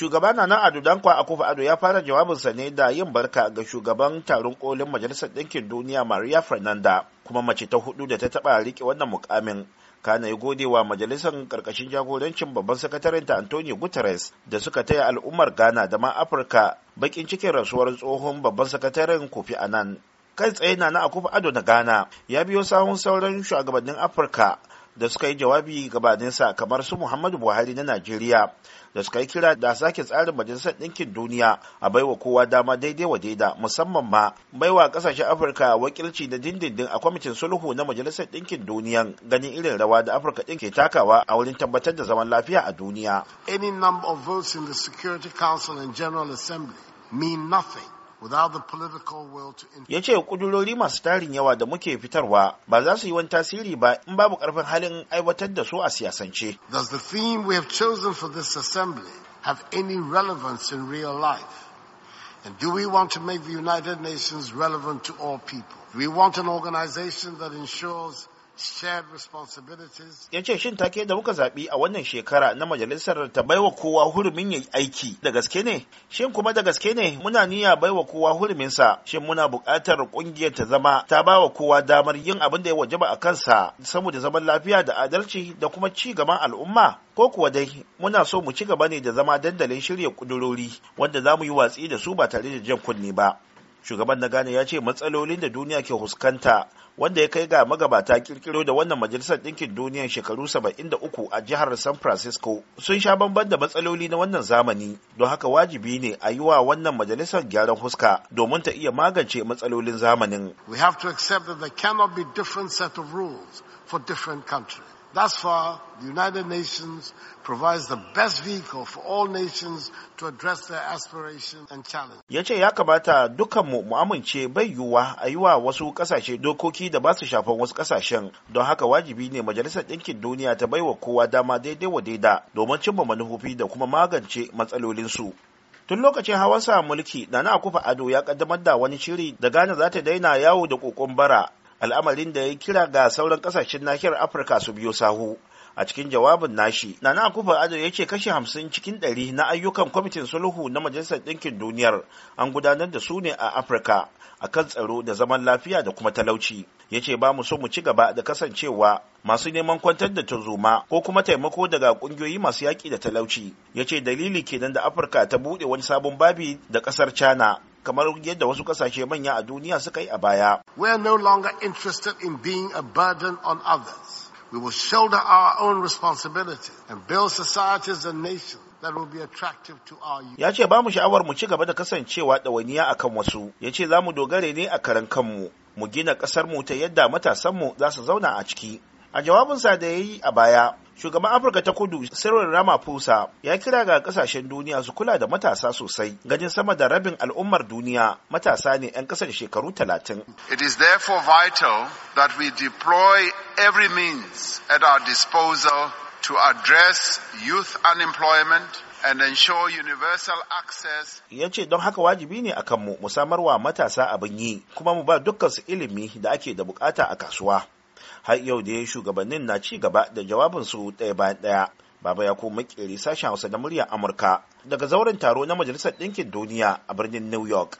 shugaba nana ado dankwa akufa ado ya fara jawabinsa ne da yin barka ga shugaban taron kolin majalisar ɗinkin duniya maria fernanda kuma mace ta hudu da ta taba riƙe wannan mukamin kana ya gode wa majalisar karkashin jagorancin babban sakataren ta antonio guterres da suka taya al'ummar ghana da ma afirka bakin cikin rasuwar tsohon babban sakataren kofi anan kai tsaye na na akufa ado na ghana ya biyo sahun sauran shugabannin afirka da suka yi jawabi gabaninsa kamar su muhammadu buhari na najeriya da suka yi kira da sake tsarin majalisar ɗinkin duniya a baiwa kowa dama daidai wa daida musamman ma baiwa ƙasashen afirka wakilci da dindindin a kwamitin sulhu na majalisar ɗinkin duniya ganin irin rawa da afirka ɗin ke takawa a wurin tabbatar da zaman lafiya a duniya. any number of votes in the security council and general assembly mean nothing ya ce kudurori masu tarin yawa da muke fitarwa ba za su yi wani tasiri ba in babu karfin halin aiwatar da su a siyasance. Does the theme we have chosen for this assembly have any relevance in real life? And do we want to make the United Nations relevant to all people? We want an organization that ensures ya ce shin take da muka zaɓi a wannan shekara na majalisar ta baiwa kowa hurumin ya yi aiki da gaske ne shin kuma da gaske ne muna niyya baiwa kowa hurumin sa shin muna buƙatar ƙungiyar ta zama ta bawa kowa damar yin abin da ya wajaba a kansa saboda zaman lafiya da adalci da kuma ci gaban al'umma ko kuwa dai muna so mu ci gaba ne da zama dandalin shirya ƙudurori wanda za mu yi watsi da su ba tare da jan kunne ba shugaban na Gane ya ce matsalolin da duniya ke huskanta wanda ya kai ga magabata kirkiro da wannan majalisar ɗinkin duniya shekaru 73 a jihar san francisco sun sha bamban da matsaloli na wannan zamani don haka wajibi ne a yi wa wannan majalisar gyaran huska domin ta iya magance matsalolin zamanin we have to accept cannot be different set of for different countries Thus far, the United Nations provides the best vehicle for all nations to address their aspirations and challenges. Ya ce ya kamata dukanmu mu amince bai yiwuwa a yi wa wasu kasashe dokoki da ba su shafan wasu kasashen don haka wajibi ne Majalisar Ɗinkin Duniya ta baiwa kowa dama daidai wa daida domin cimma manufofi da kuma magance matsalolinsu. tun lokacin sa mulki nana akufa ado ya kaddamar da wani shiri da ghana za ta daina yawo da kokon bara al'amarin da ya kira ga sauran kasashen nahiyar afirka su biyo sahu a cikin jawabin nashi nana kufa ado ya ce kashi hamsin cikin ɗari na ayyukan kwamitin sulhu na majalisar ɗinkin duniyar an gudanar da su ne a afirka a kan tsaro da zaman lafiya da kuma talauci ya ce ba mu so mu ci gaba da kasancewa masu neman kwantar da tuzuma ko kuma taimako daga ƙungiyoyi masu yaƙi da talauci ya ce dalili kenan da afirka ta buɗe wani sabon babi da ƙasar china kamar yadda wasu kasashe manya a duniya suka yi a baya. We are no longer interested in being a burden on others. We will shoulder our own responsibility and build societies and nations. Ya ce ba mu sha'awar mu ci gaba da kasancewa ɗawainiya a kan wasu, ya ce za mu dogare ne a karan kanmu, mu gina ƙasarmu ta yadda matasanmu za su zauna a ciki, A jawabinsa da ya yi a baya, shugaban Afirka ta kudu sirrin Ramaphosa ya kira ga kasashen duniya su kula da matasa sosai gajin sama da rabin al'ummar duniya matasa ne 'yan kasar shekaru talatin. It is therefore vital that we deploy every means at our disposal to address youth unemployment and ensure universal access. Ya ce don haka wajibi ne a kanmu mu wa matasa abin yi kuma mu ba dukkan su ilimi da ake da bukata a kasuwa. har yau da ya shugabannin na ci gaba da jawabinsu ɗaya bayan ɗaya baba ya kuma ƙeri sashen hausa na muryar amurka daga zauren taro na majalisar ɗinkin duniya a birnin new york